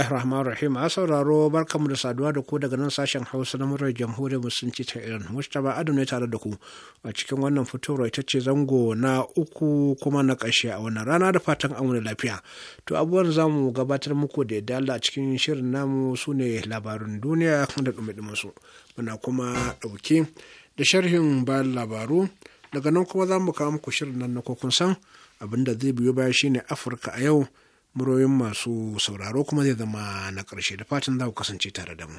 bismillahir rahmanir rahim a sauraro barkamu da saduwa da ku daga nan sashen hausa na murar jamhuriyar musulunci ta iran mustapha adam ne tare da ku a cikin wannan fitowar ita ce zango na uku kuma na ƙarshe a wannan rana da fatan an wani lafiya to abubuwan za mu gabatar muku da yadda allah cikin shirin namu su ne labarin duniya da ɗumi su muna kuma ɗauke da sharhin bayan labaru daga nan kuma za mu kawo muku shirin nan na kokun san abinda zai biyo baya shine afirka a yau Muroyin masu sauraro kuma zai zama na ƙarshe da fatan za ku kasance tare da mu.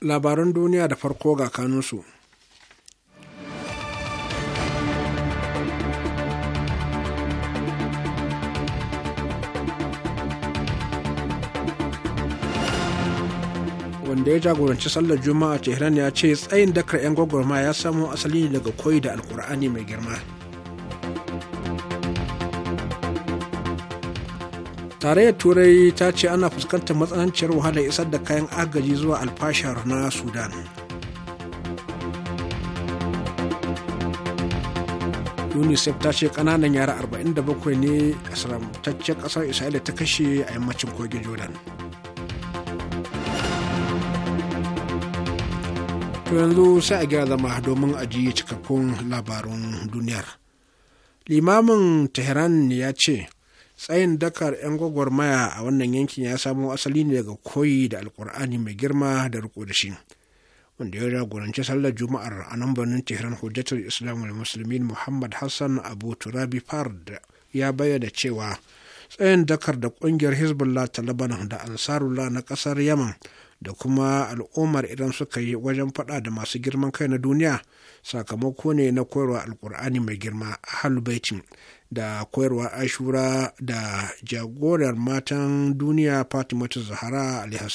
Labaran duniya da farko ga kanunsu. wanda ya jagoranci sallar juma'a tehran ya ce tsayin dakar 'yan gwagwarma ya samo asali ne daga koyi da alkur'ani mai girma tarayyar turai ta ce ana fuskantar matsananciyar wahalar isar da kayan agaji zuwa alfashar na sudan unicef ta ce kananan yara 47 ne a saramtaccen kasar isra'ila ta kashe a yammacin kogin jordan To yanzu sai a gyara zama domin aji cikakkun labarun duniyar. Limamin Tehran ya ce, tsayin dakar 'yan gwagwarmaya a wannan yankin ya samo asali ne daga koyi da alkur'ani mai girma da riko da shi. Wanda ya jagoranci sallar Juma'ar a nan birnin Tehran Hujjatul Islam da Musulmin Muhammad Hassan Abu Turabi Fard ya bayyana cewa tsayin dakar da kungiyar Hezbollah ta Lebanon da Ansarullah na kasar Yaman da kuma al'ummar idan suka yi wajen faɗa da masu girman kai na duniya sakamako ne na koyarwa alkur'ani mai girma halbaitin da koyarwa ashura da jagorar matan duniya fatimatu zahara alaihi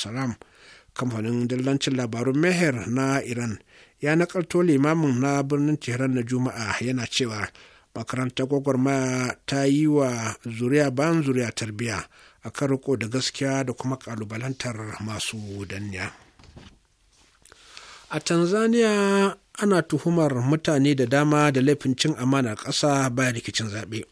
kamfanin dillancin labarun meher na iran ya nakalto limamin na birnin tehran na juma'a yana cewa makarantar gwagwarmaya ta yi wa zuriya bayan zuriya tarbiyya a kan riko da gaskiya da kuma kalubalantar masu danniya a tanzania ana tuhumar mutane da dama da laifin cin amana ƙasa baya rikicin zaɓe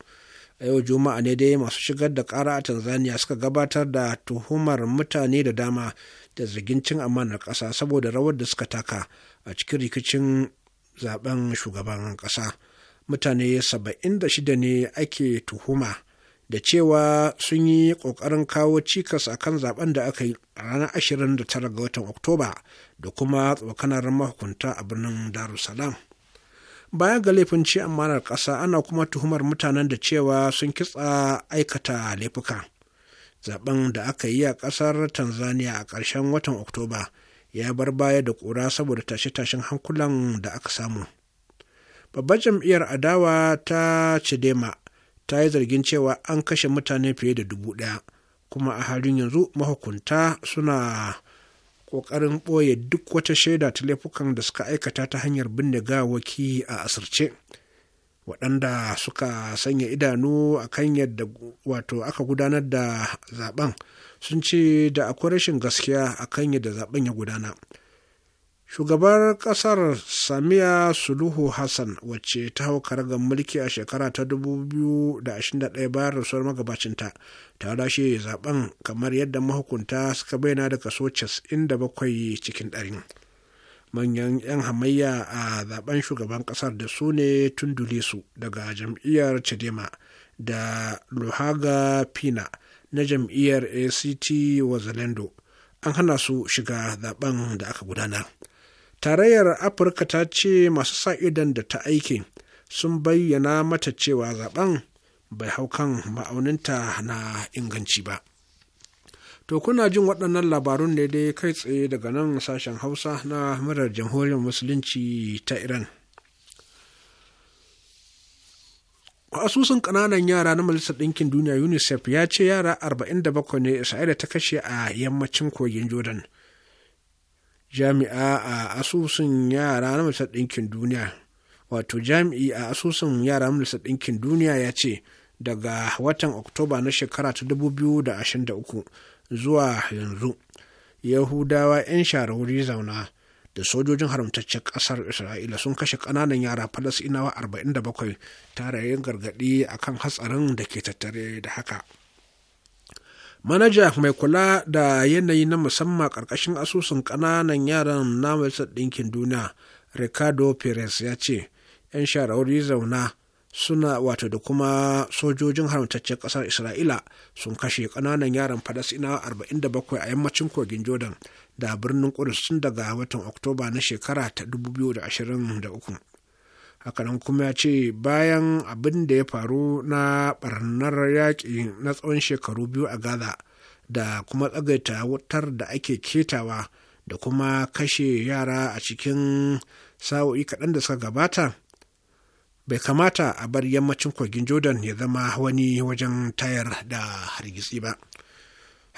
a yau juma'a ne dai masu shigar da ƙara a tanzania suka gabatar da tuhumar mutane da dama da zargin cin amanar ƙasa saboda rawar da suka taka a cikin rikicin zaben shugaban ƙasa mutane saba'in da shida ne ake tuhuma da cewa sun yi ƙoƙarin kawo cikas a kan zaben da aka yi a ranar tara ga watan oktoba da kuma tsokanar mahukunta a birnin darussalam baya ga laifin ci amanar ƙasa ana kuma tuhumar mutanen da cewa sun kitsa aikata laifuka zaben da aka yi a ƙasar tanzania a ƙarshen watan oktoba ya bar baya da ƙura saboda tashe-tashen hankulan da aka samu babbar jam'iyyar adawa ta cidema ta yi zargin cewa an kashe mutane fiye da dubu ɗaya kuma a halin yanzu mahukunta suna ƙoƙarin ɓoye duk wata shaida ta laifukan da suka aikata ta hanyar binne gawaki a asirce waɗanda suka sanya idanu a kan yadda wato aka gudanar da zaben sun ce da akwai rashin gaskiya a kan yadda zaben ya gudana shugabar kasar samiya suluhu hassan wacce ta hau karagar mulki a shekara ta 2021 bayan rasuwar magabacinta ta lashe zaben kamar yadda mahukunta suka bayyana da inda bakwai cikin ɗari? manyan 'yan hamayya a zaben shugaban kasar da su ne su daga jam'iyyar chadema da luhaga pina na jam'iyyar act wazalendo an hana su shiga zaben da aka gudanar Tarayyar Afirka ta ce masu sa idan da ta aiki sun bayyana mata cewa zaben bai hau kan ma'auninta na inganci ba. To kuna jin waɗannan labarun ne dai kai tsaye daga nan sashen Hausa na murar jamhuriyar Musulunci ta Iran. asusun ƙananan yara na majalisar ɗinkin duniya unicef ya ce yara 47 ne isra'ila ta kashe a yammacin kogin jordan jami'a a asusun yara na majalisar ɗinkin duniya wato jami'i a asusun yara na majalisar ɗinkin duniya ya ce daga watan oktoba na shekara ta 2023 zuwa yanzu yahudawa 'yan shahararri zauna da sojojin haramtaccen ƙasar isra'ila sun kashe ƙananan yara falasinawa 47 tare yin gargaɗi akan hatsarin da ke tattare da haka. manaja mai kula da yanayi na musamman ƙarƙashin asusun ƙananan yaran na majalisar ɗinkin duniya ricardo perez ya ce 'yan sharauri zauna suna wato da kuma sojojin haramtaccen ƙasar isra'ila sun kashe ƙananan yaran falasinawa 47 a yammacin kogin jordan da birnin kudus tun daga watan oktoba na shekara ta 2023 hakanan kuma ya ce bayan abin da ya faru na barnar yaƙi na tsawon shekaru biyu a gaza da kuma tsagaita wutar da ake ketawa da kuma kashe yara a cikin sa'o'i kaɗan da suka gabata bai kamata a bar yammacin kogin jordan ya zama wani wajen tayar da hargitsi ba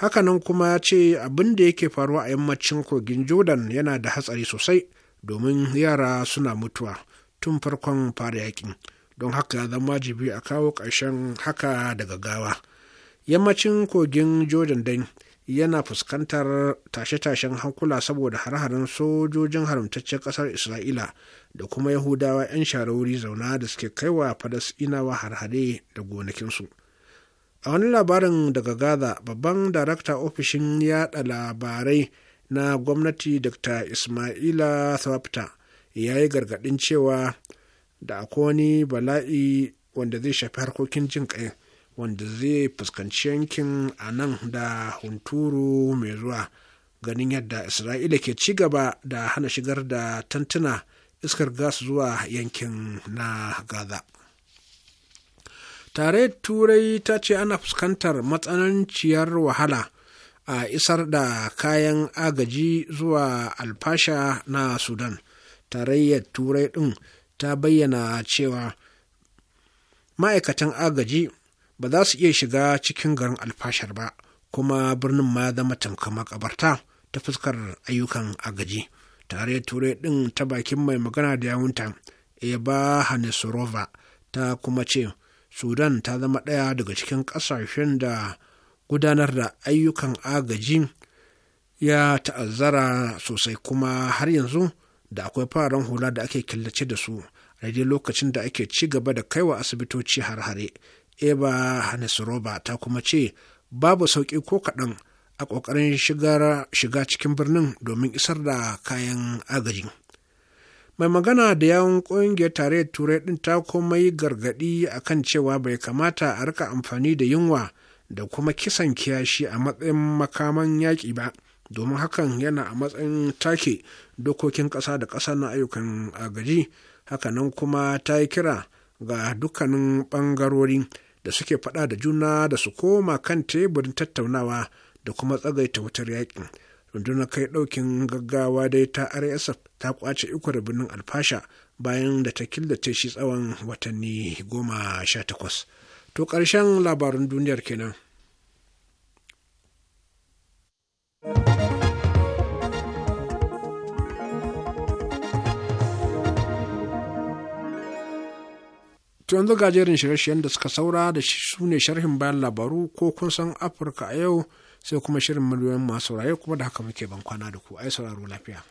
hakanan kuma ya ce abin da yake faruwa a yammacin kogin jordan yana da hatsari sosai domin yara suna mutuwa tun farkon fara yakin don haka ya zama jibi a kawo ƙarshen haka daga gawa yammacin kogin jordan Dan yana fuskantar tashe-tashen hankula saboda har-haren sojojin haramtaccen ƙasar isra'ila da kuma yahudawa 'yan sharori zauna da suke kaiwa falasɗinawa har-hare da gonakinsu a wani labarin daga gaza babban darakta ofishin yada labarai na gwamnati dr ismaila swapta ya yi gargaɗin cewa da akwai wani bala'i wanda zai shafi harkokin jin ƙai wanda zai fuskanci yankin a nan da hunturu mai zuwa ganin yadda isra'ila ke ci gaba da hana shigar da tantuna iskar gas zuwa yankin na gaza tare turai ta ce ana fuskantar matsananciyar wahala a isar da kayan agaji zuwa alfasha na sudan tarayyar turai ɗin ta bayyana cewa ma'aikatan agaji ba za su iya shiga cikin garin alfashar ba kuma birnin ma zama tamka makabarta ta fuskar ayyukan agaji tare turai ɗin ta bakin mai magana da yawunta eba hanisurova ta kuma ce sudan ta zama ɗaya daga cikin ƙasashen da gudanar da ayyukan agaji ya ta'azzara sosai kuma har yanzu da akwai fararen hula da ake killace da su a daidai lokacin da ake ci gaba da kaiwa asibitoci har-hare eba roba ta kuma ce babu sauƙi ko kaɗan a ƙoƙarin shiga cikin birnin domin isar da kayan agaji mai magana da yawon ƙungiyar tare turai ɗin ta komai yi gargaɗi a kan cewa bai kamata a rika amfani da yunwa da kuma kisan kiyashi a matsayin makaman yaƙi ba domin hakan yana a matsayin take dokokin ƙasa da ƙasa na ayyukan agaji hakanan kuma ta yi kira ga dukkanin ɓangarori da suke faɗa da juna da su koma kan teburin tattaunawa da kuma tsagaita wutar yaƙin rundunar kai ɗaukin gaggawa dai ta rsf ta kwace iko da birnin alfasha bayan da ta killace shi tsawon watanni goma sha takwas to ƙarshen labarin duniyar kenan To yanzu ga jerin shirye-shiryen da suka saura da su ne sharhin bayan labaru ko kun san Afirka a yau sai kuma shirin miliyoyin masu raye kuma da haka muke ban kwana da ku ai sauraro lafiya.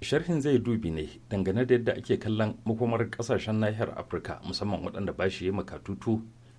sharhin zai dubi ne dangane da yadda ake kallon makomar kasashen nahiyar afirka musamman waɗanda ba shi yi makatutu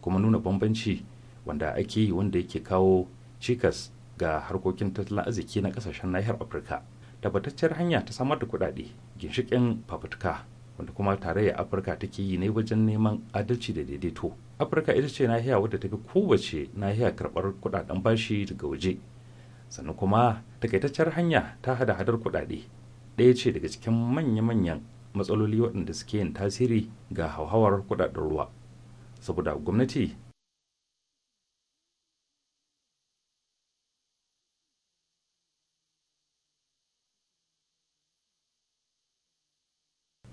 kuma nuna bambanci wanda ake yi wanda yake kawo cikas ga harkokin tattalin arziki na kasashen nahiyar afirka tabbatacciyar hanya ta samar da kuɗaɗe ginshiƙin fafutuka wanda kuma tarayyar afirka take yi ne wajen neman adalci da daidaito afirka ita ce nahiya wadda ta fi kowace nahiya karɓar kuɗaɗen bashi daga waje sannan kuma takaitacciyar hanya ta hada hadar kuɗaɗe ɗaya ce daga cikin manya-manyan matsaloli waɗanda suke yin tasiri ga hauhawar kuɗaɗen ruwa saboda gwamnati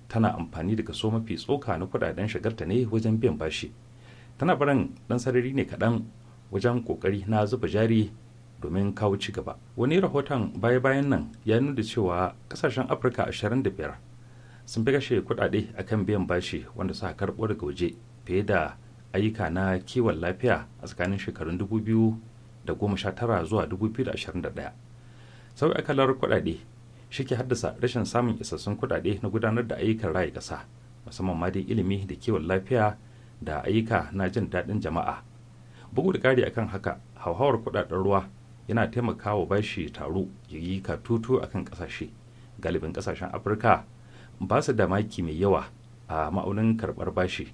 tana amfani da kaso mafi tsoka na kudaden shagarta ne wajen biyan bashi tana barin dan sarari ne kaɗan wajen kokari na zuba jari domin kawo ci gaba wani rahoton baya-bayan nan ya nuna cewa kasashen afirka 25 sun fi kashe kudade akan biyan bashi wanda suka karɓo daga waje fiye da ayyuka na kiwon lafiya a tsakanin shekarun 2019 zuwa 2021 sau kalar kuɗaɗe shi ke haddasa rashin samun isassun kuɗaɗe na gudanar da ayyukan rayu ƙasa musamman ma dai ilimi da kiwon lafiya da ayyuka na jin daɗin jama'a bugu da ƙari akan haka hauhawar kuɗaɗen ruwa yana taimakawa bashi taro ya yi ka tutu akan ƙasashe galibin ƙasashen afirka ba su da maki mai yawa a ma'aunin karɓar bashi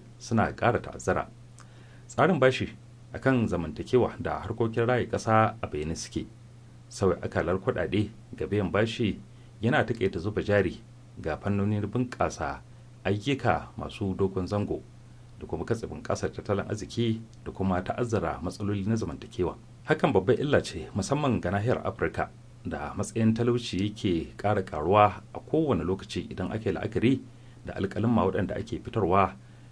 suna ƙara ta'azzara tsarin bashi a kan zamantakewa da harkokin raye ƙasa a bayyane suke sauya akalar kuɗaɗe ga biyan bashi yana taƙaita zuba jari ga fannonin bunƙasa ayyuka masu dogon zango da kuma katsibin ƙasar tattalin arziki da kuma ta'azzara matsaloli na zamantakewa hakan babbar illa ce musamman ga nahiyar afirka da matsayin talauci yake ƙara karuwa a kowane lokaci idan ake la'akari da alƙalin waɗanda ake fitarwa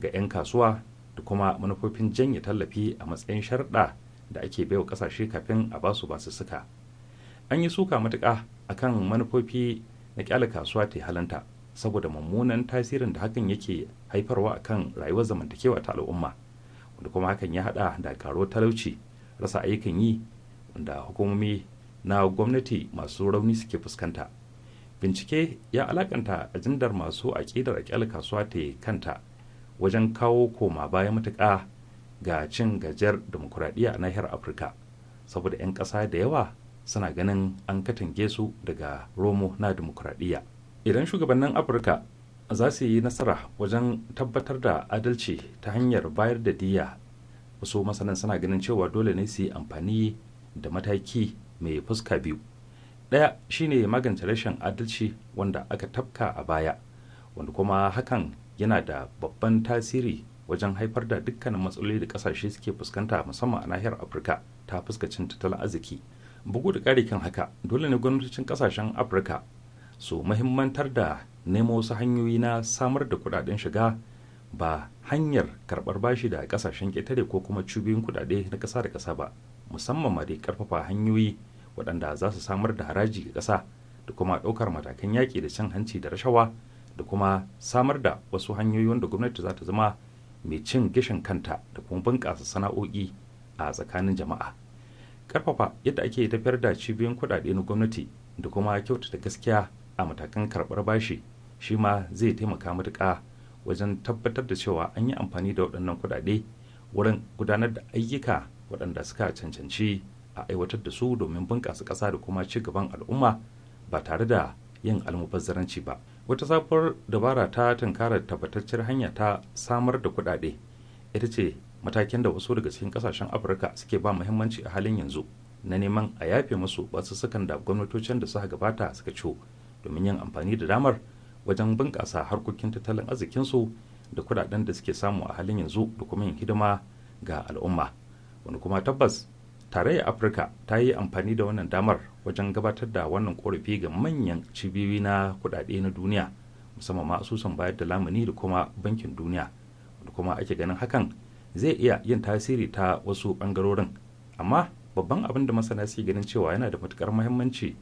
ga 'yan kasuwa da kuma manufofin janye tallafi a matsayin sharɗa da ake baiwa ƙasashe kafin a basu suka an yi suka matuka a kan manufofi na ƙyale kasuwa ta halanta saboda mummunan tasirin da hakan yake haifarwa a kan rayuwar zamantakewa ta al'umma wanda kuma hakan ya haɗa da karo talauci rasa ayyukan yi wanda hukumomi na gwamnati masu rauni suke fuskanta bincike ya alakanta ajindar masu aƙidar kyale kasuwa ta kanta wajen kawo koma baya matuƙa ga cin gajiyar demokuraɗiyya a nahiyar afirka saboda 'yan ƙasa da yawa suna ganin an katange su daga romo na demokuraɗiyya idan shugabannin afirka za su yi nasara wajen tabbatar da adalci ta hanyar bayar da diya wasu masanan suna ganin cewa dole ne su yi amfani da mataki mai fuska biyu ɗaya shine magance rashin adalci wanda aka tafka a baya wanda kuma hakan yana da babban tasiri wajen haifar da dukkanin matsaloli da kasashe suke fuskanta musamman a nahiyar afirka ta fuskacin tattalin arziki bugu da kare kan haka dole ne gwamnatocin kasashen afirka su mahimmantar da nemo wasu hanyoyi na samar da kudaden shiga ba hanyar karbar bashi da kasashen ƙetare ko kuma cibiyoyin kudade na kasa da kasa ba musamman ma dai karfafa hanyoyi waɗanda za su samar da haraji ga kasa da kuma ɗaukar matakan yaƙi da cin hanci da rashawa da kuma samar da wasu hanyoyi wanda gwamnati za ta zama mai cin gishin kanta da kuma bunƙasa sana'o'i a tsakanin jama'a ƙarfafa yadda ake tafiyar da cibiyoyin kuɗaɗe na gwamnati da kuma kyautata gaskiya a matakan karɓar bashi shi ma zai taimaka matuƙa wajen tabbatar da cewa an yi amfani da waɗannan kuɗaɗe wurin gudanar da ayyuka waɗanda suka cancanci a aiwatar da su domin bunƙasa ƙasa da kuma ci gaban al'umma ba tare da yin almubazzaranci ba wata sabuwar dabara ta tunkarar tabbataccen hanya ta samar da kudade ita ce matakin da wasu daga cikin kasashen afirka suke ba muhimmanci a halin yanzu na neman a yafe musu wasu sukan da gwamnatocin da suka gabata suka ciwo domin yin amfani da damar wajen bunƙasa harkokin tattalin arzikinsu da kudaden da suke samu a halin yanzu da kuma yin hidima ga al'umma wani kuma tabbas tarayyar afirka ta yi amfani da wannan damar wajen gabatar da wannan korafi ga manyan cibiyoyi na kudade na duniya musamman ma asusun bayar da lamuni da kuma bankin duniya da kuma ake ganin hakan zai iya yin tasiri ta wasu bangarorin amma babban abin da masana suke ganin cewa yana da matukar muhimmanci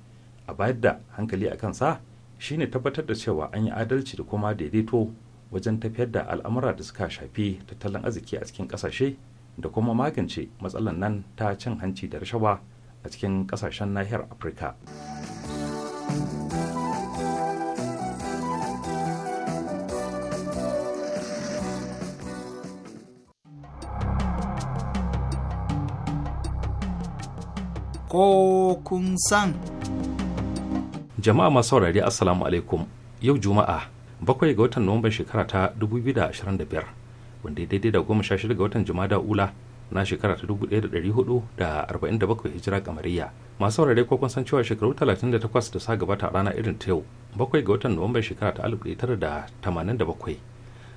a bayar da hankali a kansa shine tabbatar da cewa an yi adalci da kuma daidaito wajen tafiyar da al'amura da suka shafi tattalin arziki a cikin kasashe da kuma magance matsalan nan ta cin hanci da rashawa a cikin kasashen nahiyar afirka ko kun san jama'a masu saurari assalamu alaikum yau juma'a bakwai ga watan nuwamban shekara ta 2025 wanda ya daidai da goma sha shida ga watan da ula na shekara ta 1447 hijira kamariya masu saurare ko kun san cewa shekaru 38 da sa gabata a rana irin ta yau bakwai ga watan nuwamban shekara ta 1987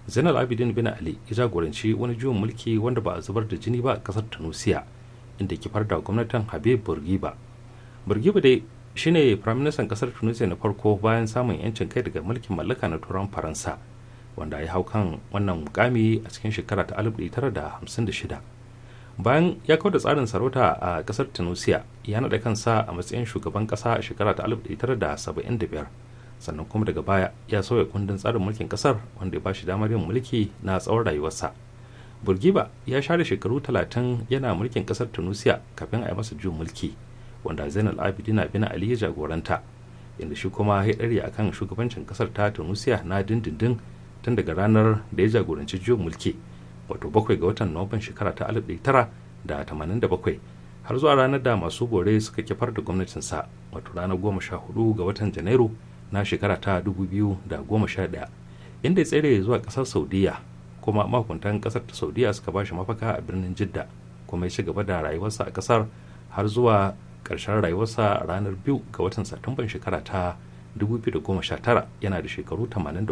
zainal abidin bin ali ya jagoranci wani juyin mulki wanda ba a zubar da jini ba a kasar tunisia inda kifar da gwamnatin habib burgiba burgiba dai shine firaministan kasar tunisia na farko bayan samun yancin kai daga mulkin mallaka na turan faransa wanda ya hau kan wannan mukami a cikin shekara ta shida. bayan ya kawo da tsarin sarauta a kasar tunisia ya naɗa kansa a matsayin shugaban ƙasa a shekara ta biyar sannan kuma daga baya ya sauya kundin tsarin mulkin ƙasar wanda ya ba shi damar yin mulki na tsawon rayuwarsa burgiba ya share shekaru talatin yana mulkin ƙasar tunisia kafin a yi masa juyin mulki wanda zainal abidin abin ali ya jagoranta inda shi kuma ya ɗari akan shugabancin ƙasar ta tunisia na dindindin tun daga ranar da ya jagoranci juyin mulki wato bakwai ga watan nuwamban shekara ta alif da da tamanin bakwai har zuwa ranar da masu bore suka kifar da gwamnatinsa wato ranar hudu ga watan janairu na shekara ta dubu biyu da goma sha daya inda ya tsere zuwa kasar saudiya kuma mahukuntan kasar ta saudiya suka ba shi mafaka a birnin jidda kuma ya ci gaba da rayuwarsa a kasar har zuwa karshen rayuwarsa ranar biyu ga watan satumban shekara ta tara yana da shekaru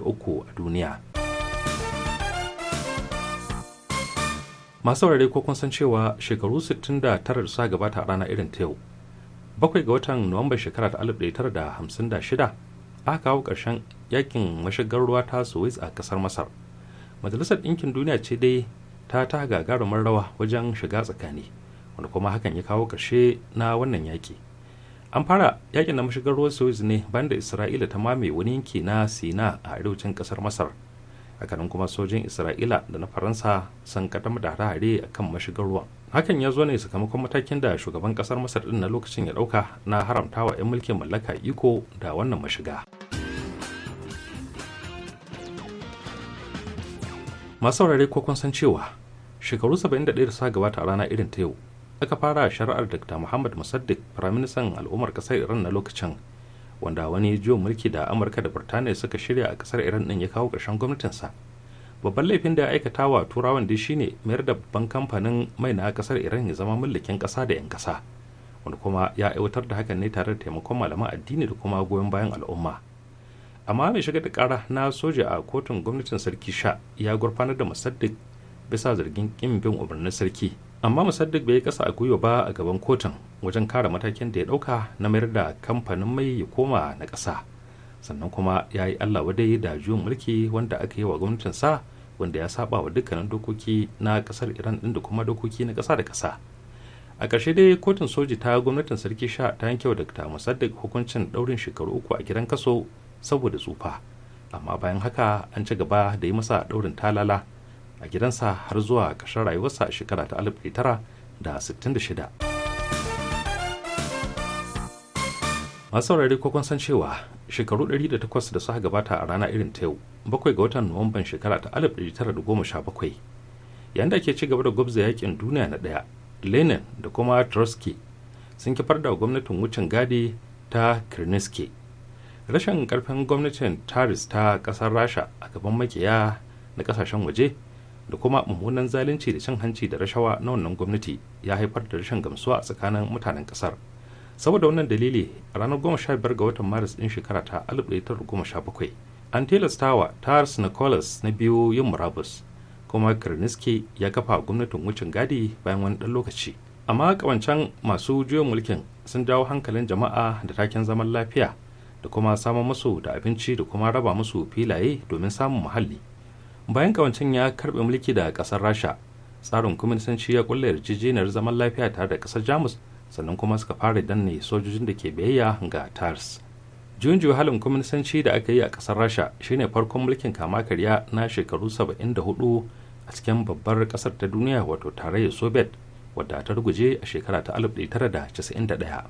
uku a duniya. masu saurare ko kun san cewa shekaru 69 da sa gabata a rana irin ta yau bakwai ga watan nuwamba shekara ta 1956 aka kawo ƙarshen yakin mashigar ruwa ta suez a ƙasar masar majalisar ɗinkin duniya ce dai ta ta gagarumin rawa wajen shiga tsakani wanda kuma hakan ya kawo ƙarshe na wannan yaƙi an fara yakin na mashigar ruwa suez ne bayan da isra'ila ta mame wani yanki na sina a arewacin ƙasar masar hakanan kuma sojin isra'ila da na faransa sun kaddamar da hare a kan mashigar ruwan hakan ya zo ne sakamakon matakin da shugaban kasar masar din na lokacin ya dauka na haramta wa 'yan mulkin mallaka iko da wannan mashiga masu saurare ko kun san cewa shekaru 71 da suka gabata a rana irin ta yau aka fara shari'ar dr muhammad musaddiq firaministan al'ummar kasar iran na lokacin wanda wani jiwo mulki da amurka da birtaniya suka shirya a kasar iran din ya kawo ƙarshen gwamnatinsa babban laifin da ya aikata wa turawan dai shine mayar da babban kamfanin mai na kasar iran ya zama mulkin ƙasa da 'yan ƙasa wanda kuma ya aiwatar da hakan ne tare da taimakon malaman addini da kuma goyon bayan al'umma amma mai shiga da kara na soja a kotun gwamnatin sarki sha ya gurfanar da musaddik bisa zargin kin bin umarnin sarki amma musaddik bai kasa a gwiwa ba a gaban kotun wajen kare matakin da ya dauka na mayar da kamfanin mai ya koma na kasa sannan kuma ya yi allah wadai da juyin mulki wanda aka yi wa gwamnatinsa wanda ya saba wa dukkanin dokoki na ƙasar iran ɗin da kuma dokoki na kasa da kasa a ƙarshe dai kotun soji ta gwamnatin sarki sha ta yanke wa dakta musaddiq hukuncin ɗaurin shekaru uku a gidan kaso saboda tsufa amma bayan haka an ci gaba da yi masa ɗaurin talala a gidansa har zuwa ƙarshen rayuwarsa a shekara ta 1966 masu saurari ko kun san cewa shekaru 108 da suka gabata a rana irin ta yau bakwai ga watan nuwamban shekara ta 1917 yayin da ake ci gaba da gwabza yakin duniya na daya lenin da kuma trotsky sun kifar da gwamnatin wucin gadi ta kirniski rashin karfin gwamnatin taris ta kasar rasha a gaban makiya na kasashen waje da kuma mummunan zalunci da cin hanci da rashawa na wannan gwamnati ya haifar da rashin gamsuwa a tsakanin mutanen kasar saboda wannan dalili a ranar goma sha biyar ga watan maris din shekara ta goma sha bakwai an tilastawa tars nicholas na biyu yin murabus kuma kirniski ya kafa gwamnatin wucin gadi bayan wani ɗan lokaci amma kawancan masu juyin mulkin sun jawo hankalin jama'a da taken zaman lafiya da kuma samun musu da abinci da kuma raba musu filaye domin samun muhalli bayan kawancan ya karbe mulki da kasar rasha tsarin kwaminisanci ya kulle yarjejeniyar zaman lafiya tare da kasar jamus sannan kuma suka fara danne sojojin da ke biyayya ga tars junju halin kwaminisanci da aka yi a ƙasar rasha shine farkon mulkin kama karya na shekaru 74 a cikin babbar ƙasar ta duniya wato tarayyar soviet wadda ta ruguje a shekara ta 1991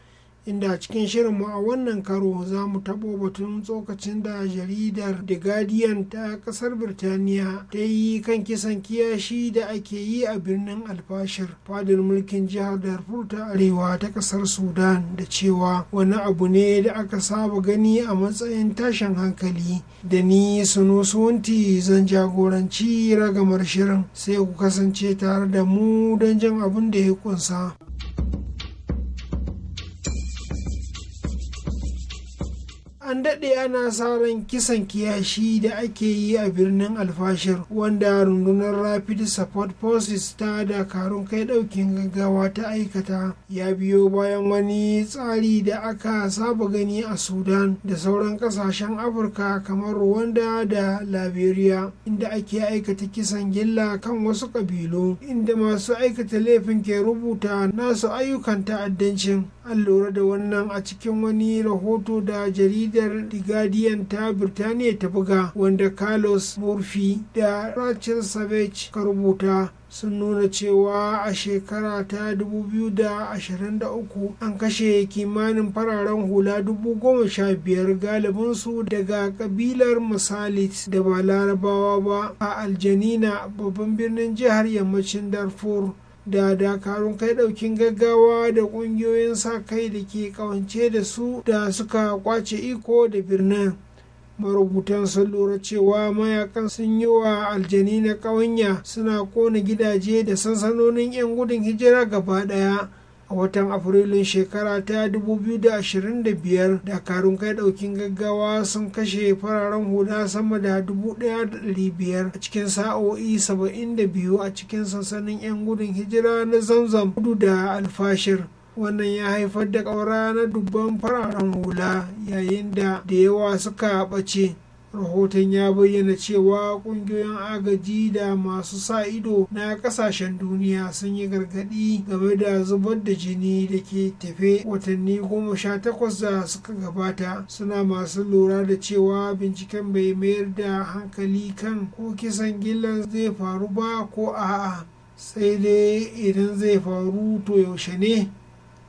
inda a cikin shirinmu a wannan karo za mu taɓo batun tsokacin da jaridar the guardian ta ƙasar birtaniya ta yi kan kisan kiyashi da ake yi a birnin alfashir fadar mulkin jihar darfur ta arewa ta ƙasar sudan da cewa wani abu ne da aka saba gani a matsayin tashin hankali da ni suno sunti zan jagoranci ragamar shirin sai ku kasance tare da mu don jin abin da ya kunsa. an daɗe ana sa ran kisan kiyashi da ake yi a birnin alfashir wanda rundunar rapid support forces ta dakarun kai ɗaukin gaggawa ta aikata ya biyo bayan wani tsari da aka saba gani a sudan da sauran ƙasashen afirka kamar rwanda da liberia inda ake aikata kisan gilla kan wasu ƙabilu inda masu aikata laifin ke rubuta nasu ayyukan ta'addancin an lura da wannan a cikin wani rahoto da jaridar the guardian ta birtaniya ta buga wanda carlos murphy da rachel savage ka rubuta sun nuna cewa a shekara ta 2023 an kashe kimanin fararen hula 15,000 galibinsu daga kabilar musalit da ba larabawa ba a aljanina babban birnin jihar yammacin darfur da dakarun kai daukin gaggawa da kungiyoyin sa kai da ke kawance da su da suka kwace iko da birnin marubutan sun lura cewa mayakan sun yi wa aljani na ƙawanya suna kona gidaje da sansanonin 'yan gudun hijira gaba ɗaya a watan afrilun shekara ta 2025 dakarun kai daukin gaggawa sun kashe fararen hula sama da 1,500 a cikin sa'o'i 72 a cikin sansanin 'yan gudun hijira na zamzam kudu da alfashir wannan ya haifar da ƙaura na dubban fararen hula yayin da da yawa suka ɓace rahoton ya bayyana cewa kungiyoyin agaji da masu sa ido na kasashen duniya sun yi gargadi game da zubar da jini da ke tafe watanni goma sha takwas da suka gabata suna masu lura da cewa binciken bai mayar da hankali kan ko kisan gillan zai faru ba ko a'a sai dai idan zai faru to yaushe ne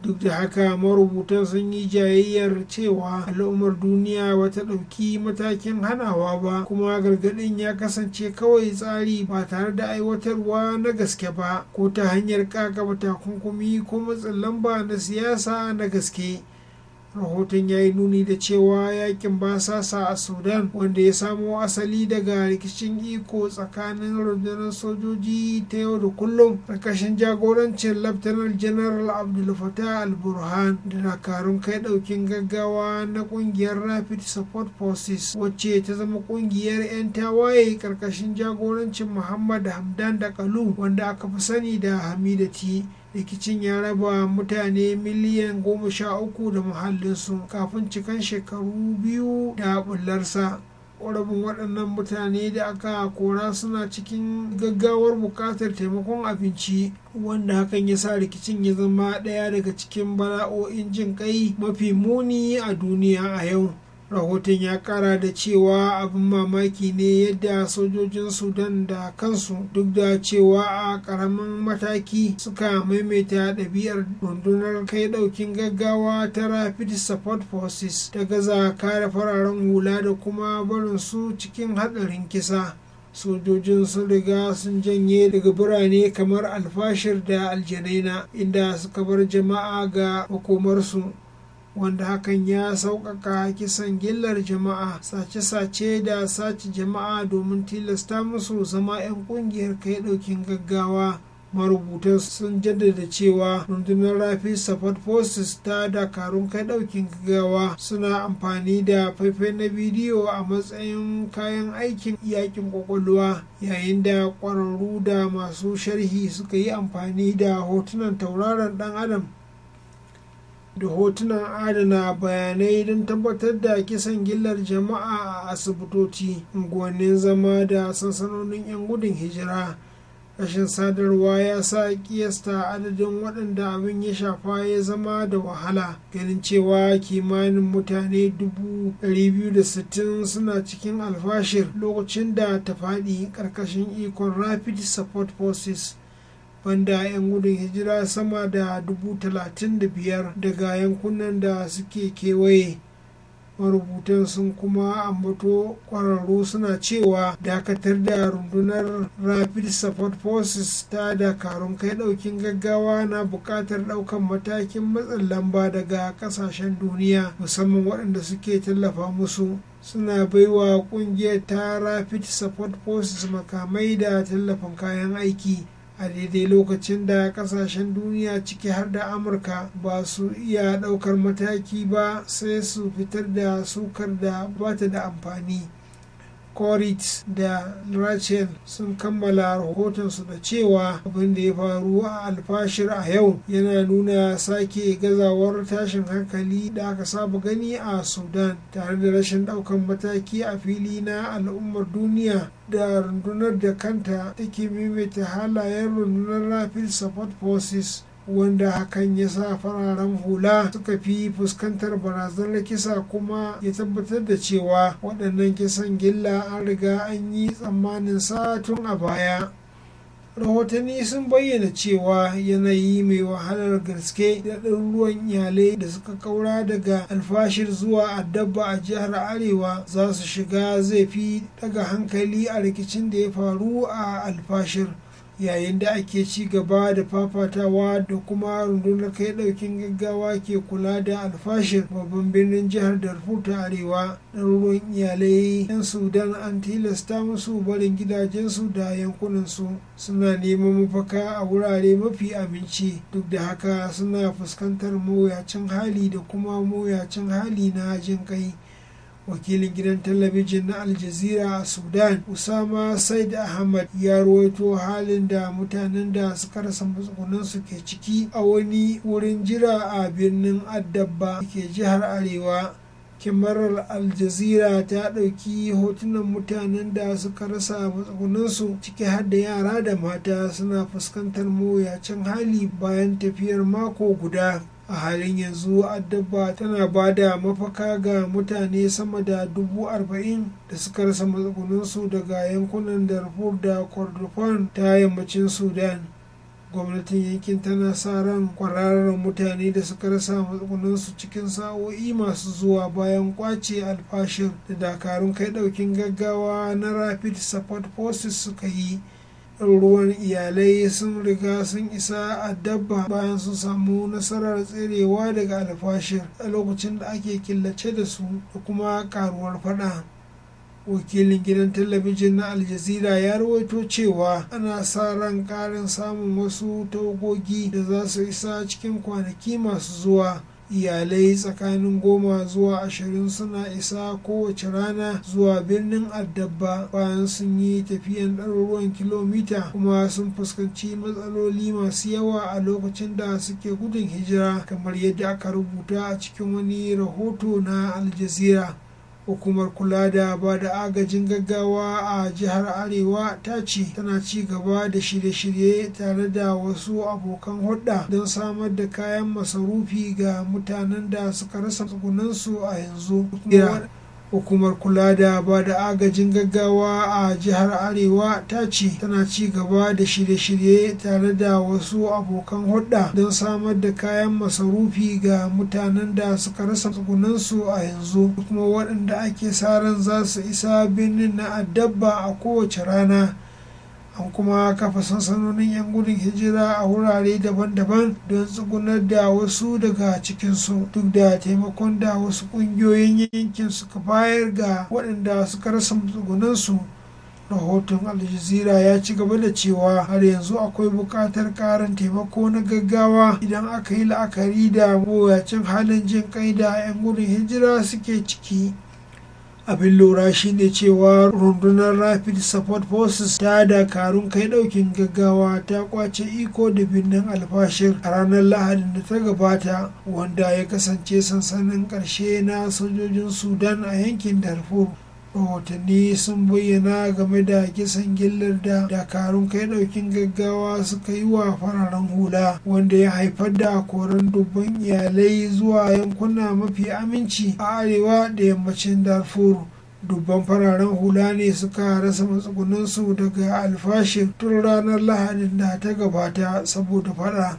duk da haka marubutan sun yi jayayyar cewa al'ummar duniya ba ta ɗauki matakin hanawa ba kuma gargadin ya kasance kawai tsari ba tare da aiwatarwa na gaske ba ko ta hanyar kakaba takunkumi ko matsin lamba na siyasa na gaske rahoton ya yi nuni da cewa yakin basasa a sudan wanda ya samo asali daga rikicin iko tsakanin rundunar sojoji ta yau da kullum ƙarƙashin jagorancin laftanar general abdul fatah al-burhan da dakarun kai ɗaukin gaggawa na ƙungiyar rapid support forces wacce ta zama ƙungiyar 'yan tawaye ƙarƙashin jagorancin muhammad hamdan da kalu wanda aka fi sani da hamidati rikicin ya raba mutane miliyan goma sha uku da muhallinsu kafin cikan shekaru biyu da bullarsa rabin waɗannan mutane da aka kora suna cikin gaggawar buƙatar taimakon abinci wanda hakan ya sa rikicin ya zama ɗaya daga cikin bala'o'in jin ƙai mafi muni a duniya a yau rahoton ya kara da cewa abin mamaki ne yadda sojojin sudan da kansu duk da cewa a karamin mataki suka maimaita ɗabi'ar rundunar kai ɗaukin gaggawa ta rapid support forces ta gaza kare fararen hula da kuma barin su cikin haɗarin kisa sojojin sun riga sun janye daga birane kamar alfashir da aljanaina inda suka bar jama'a ga hukumarsu. wanda hakan ya sauƙaƙa kisan gillar jama'a sace-sace da sace jama'a domin tilasta musu zama 'yan ƙungiyar kai ɗaukin gaggawa marubutan sun jaddada cewa rundunar rafi support forces ta dakarun kai ɗaukin gaggawa suna amfani da faifai na bidiyo a matsayin kayan aikin yakin kwakwalwa yayin da kwararru da masu sharhi suka yi amfani da hotunan tauraron ɗan adam da hotunan adana bayanai don tabbatar da kisan gillar jama'a a asibitoci unguwannin zama da sansanonin 'yan gudun hijira rashin sadarwa ya sa kiyasta adadin waɗanda abin ya shafa ya zama da wahala ganin cewa kimanin mutane 260 suna cikin alfashir lokacin da ta faɗi ƙarƙashin ikon rapid support forces wanda 'yan gudun hijira sama da dubu talatin da biyar daga yankunan da suke kewaye marubutan sun kuma ambato kwararru suna cewa dakatar da rundunar rapid support forces ta dakarun kai daukin gaggawa na bukatar daukan matakin matsin lamba daga kasashen duniya musamman waɗanda suke tallafa musu suna baiwa kungiyar ta rapid support forces makamai da tallafin kayan aiki a daidai lokacin da kasashen duniya ciki har da amurka ba su iya daukar mataki ba sai su fitar da sukar da bata da amfani Koritz da Rachel sun kammala rahotonsu da cewa abin da ya faru a alfashir a yau yana nuna sake gazawar tashin hankali da aka saba gani a Sudan tare da rashin daukan mataki a fili na al'ummar duniya da rundunar da kanta take maimaita halayen rundunar Rapid Support Forces wanda hakan ya sa fararen hula suka fi fuskantar barazanar kisa kuma ya tabbatar da cewa waɗannan kisan gilla an riga an yi tsammanin satun a baya rahotanni sun bayyana cewa yanayi mai wahalar gaske da ɗaruruwan iyalai da suka kaura daga alfashir zuwa addabba a jihar arewa za su shiga zai fi daga hankali a rikicin da ya faru a alfashir yayin da ake ci gaba da fafatawa da kuma rundunar kai daukin gaggawa ke kula da alfashin babban birnin jihar darfur ta arewa ɗaruruwan iyalai 'yan sudan an tilasta musu barin gidajensu da yankunansu suna neman mafaka a wurare mafi abinci, duk da haka suna fuskantar mawuyacin hali da kuma mawuyacin hali na jin kai wakilin gidan talabijin na aljazira a sudan usama said ahmad ya ruwaito halin da mutanen da suka rasa matsugunansu ke ciki a wani wurin jira a birnin addabba ke jihar arewa kimarar aljazira ta ɗauki hotunan mutanen da suka rasa matsugunansu ciki har da yara da mata suna fuskantar mawuyacin hali bayan tafiyar mako guda a halin yanzu addabba tana ba da mafaka ga mutane sama da dubu arba'in da suka rasa matsugunansu daga yankunan darfur da kordofan ta yammacin sudan gwamnatin yankin tana sa ran kwararren mutane da suka rasa matsugunansu cikin sa'o'i masu zuwa bayan kwace alfashin da dakarun kai daukin gaggawa na rapid support forces suka yi ruwan iyalai sun riga sun isa a dabba bayan sun samu nasarar tserewa daga alfashir a lokacin da ake killace da su da kuma karuwar fada wakilin gidan talabijin na aljazira ya rawaito cewa ana sa ran karin samun wasu tagogi da za su isa cikin kwanaki masu zuwa iyalai tsakanin goma zuwa ashirin suna isa kowace rana zuwa birnin addabba bayan sun yi tafiyan ɗaruruwan kilomita kuma sun fuskanci matsaloli masu yawa a lokacin da suke gudun hijira kamar yadda aka rubuta a cikin wani rahoto na aljazira hukumar kula da ba da agajin gaggawa a jihar arewa ta ce tana ci gaba da shirye-shirye tare da wasu abokan hulɗa don samar da kayan masarufi ga mutanen da suka rasa tsugunansu a yanzu hukumar kula da ba da agajin gaggawa a jihar arewa ta ce tana ci gaba da shirye-shirye tare da wasu abokan hulɗa don samar da kayan masarufi ga mutanen da suka rasa tsugunansu a yanzu kuma waɗanda ake sa ran za su isa birnin na addabba a kowace rana an kuma kafa sansanonin 'yan gudun hijira a wurare daban-daban don tsugunar da wasu daga cikinsu duk da taimakon da wasu ƙungiyoyin yankin suka bayar ga waɗanda suka rasa tsugunansu rahoton aljazira ya ci gaba da cewa har yanzu akwai buƙatar ƙarin taimako na gaggawa idan aka yi la'akari da mawuyacin halin jin kai da 'yan gudun hijira suke ciki abin lura shine cewa rundunar rapid support forces ta dakarun kai daukin gaggawa ta kwace iko da birnin alfashin a ranar lahadin da ta gabata wanda ya kasance sansanin karshe na sojojin sudan a yankin darfur rahotanni sun bayyana game da kisan gillar da dakarun kai daukin gaggawa suka yi wa fararen hula wanda ya haifar da koran dubban iyalai zuwa yankuna mafi aminci a arewa da yammacin darfur dubban fararen hula ne suka rasa matsugunansu daga alfashin tun ranar lahadin da ta gabata saboda fada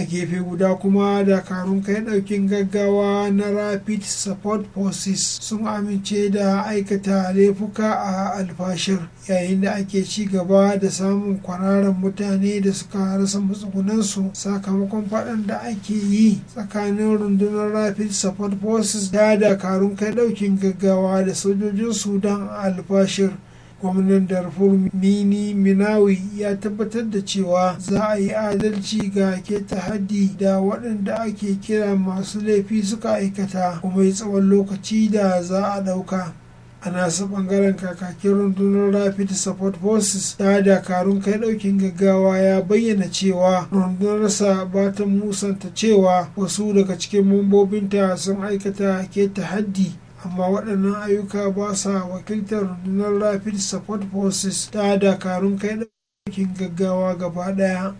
a gefe guda kuma dakarun kai daukin gaggawa na rapid support forces sun amince da aikata laifuka a alfashir yayin da ake ci gaba da samun kwararan mutane da suka rasa matsugunansu sakamakon faɗan da ake yi tsakanin rundunar rapid support forces da dakarun kai daukin gaggawa da sojojin sudan alfashir gwamnan darfur mini minawi ya tabbatar da cewa za a yi adalci ga keta haddi da waɗanda ake kira masu laifi suka aikata kuma yi tsawon lokaci da za a ɗauka a nasu ɓangaren kakakin rundunar rapid support forces ta dakarun kai ɗaukin gaggawa ya bayyana cewa rundunarsa ba ta musanta cewa wasu daga cikin mambobinta sun aikata ke haddi. amma waɗannan ayyuka ba sa wakiltar rundunar rapid support forces ta dakarun kai ɗaukin gaggawa gaba ɗaya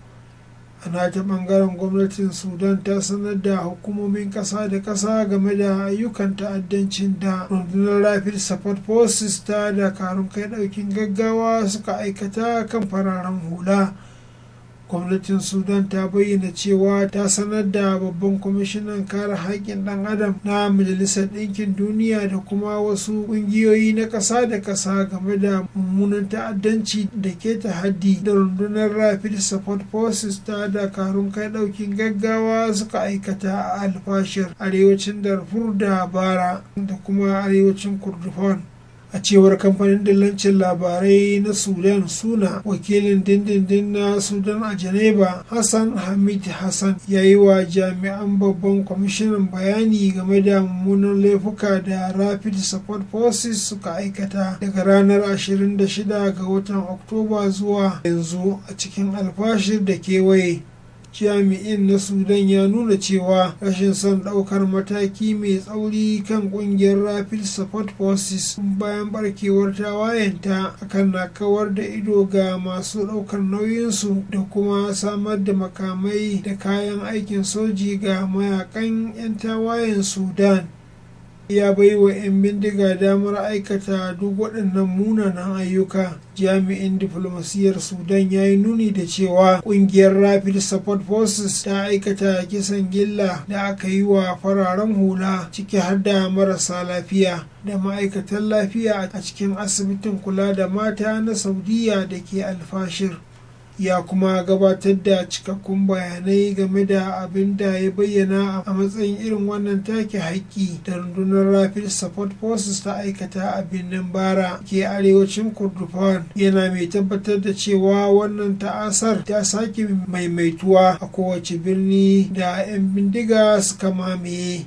a nata ɓangaren gwamnatin sudan ta sanar da hukumomin ƙasa da ƙasa game da ayyukan ta'addancin da rundunar rapid support forces ta dakarun kai ɗaukin gaggawa suka aikata kan fararen hula. gwamnatin sudan ta bayyana cewa ta sanar da babban kwamishinan kare haƙƙin ɗan adam na majalisar ɗinkin duniya da kuma wasu ƙungiyoyi na ƙasa da ƙasa game da mummunan ta'addanci da ke haddi da rundunar rapid support forces ta dakarun kai ɗaukin gaggawa suka aikata a alfashir arewacin darfur da bara da kuma arewacin kurdufan a cewar kamfanin dillancin labarai na sudan suna wakilin dindindin na sudan a geneva hassan hamid hassan ya yi wa jami'an babban kwamishinan bayani game da mummunan laifuka da rapid support forces suka aikata daga ranar 26 ga watan oktoba zuwa yanzu a cikin alfashir da kewaye jami'in na sudan ya nuna cewa rashin son daukar mataki mai tsauri kan kungiyar rapid support forces bayan barkewar tawayenta akan na kawar da ido ga masu daukar nauyinsu da kuma samar da makamai da kayan aikin soji ga mayakan 'yan tawayen sudan ya bai wa 'yan bindiga damar aikata duk waɗannan munanan ayyuka jami'in diflomasiyyar sudan ya yi nuni da cewa ƙungiyar rapid support forces ta aikata kisan gilla da aka yi wa fararen hula ciki har da marasa lafiya da ma'aikatan lafiya a cikin asibitin kula da mata na saudiya da ke alfashir ya kuma gabatar da cikakkun bayanai game da abin da ya bayyana a matsayin irin wannan take haƙƙi da rundunar rapid support forces ta aikata a birnin bara ke arewacin kurdufan yana mai tabbatar da cewa wannan ta'asar ta sake maimaituwa a kowace birni da 'yan bindiga suka mamaye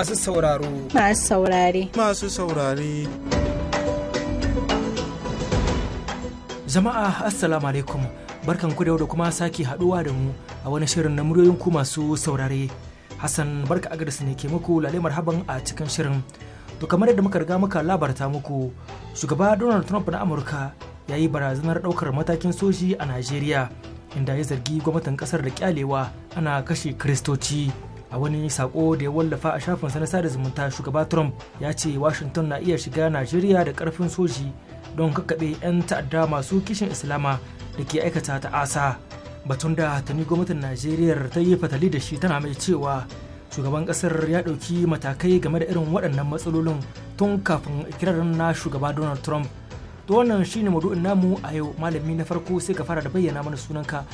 masu sauraro masu saurare masu saurare jama'a assalamu alaikum barkan ku da kuma sake haduwa da mu a wani shirin na muryoyin ku masu saurare hassan barka agadis ne ke muku lale marhaban a cikin shirin to kamar yadda muka riga muka labarta muku shugaba donald trump na amurka ya yi barazanar daukar matakin soji a najeriya inda ya zargi gwamnatin kasar da kyalewa ana kashe kristoci a wani sako da ya wallafa a shafinsa na sada zumunta shugaba trump ya ce washington na iya shiga najeriya da karfin soji don kakaɓe 'yan ta'adda masu kishin islama da ke aikata ta'asa batun da tuni gwamnatin najeriya ta yi fatali da shi tana mai cewa shugaban kasar ya ɗauki matakai game da irin waɗannan matsalolin tun kafin ikirarin na shugaba donald trump to wannan shine maudu'in namu a yau malami na farko sai ka fara da bayyana mana sunanka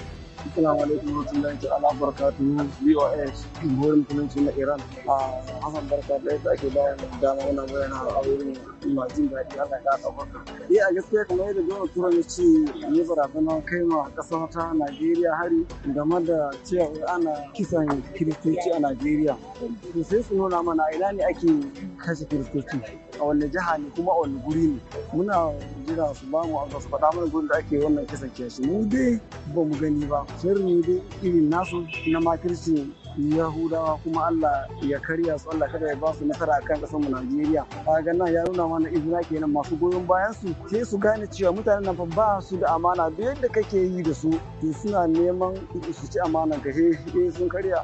Assalamu alaikum warahmatullahi ta'ala barakatuhu BOS burin mutunci na Iran a ah, Hassan barka da yadda ake bayan dama muna bayyana a wurin ina jin daɗi haka, ya ka barka. Eh a gaskiya kamar yadda Donald Trump ya ce ya barazana kai ma ƙasar ta Najeriya hari game da cewa ana kisan kiristoci a Najeriya. To sai su nuna mana ina ne ake kashe kiristoci. a wani jiha ne kuma a wani guri ne muna jira su ba mu su faɗa mana gudun da ake wannan kisan kiyashi mu dai ba mu gani ba sirri dai irin nasu na makirci yahudawa kuma allah ya karya su allah kada ya ba su nasara a kan kasar mu najeriya ga nan ya nuna mana izina kenan masu goyon bayan su sai su gane cewa mutanen nan fa ba su da amana da yadda kake yi da su to suna neman su ci amanan ka he eh, sun karya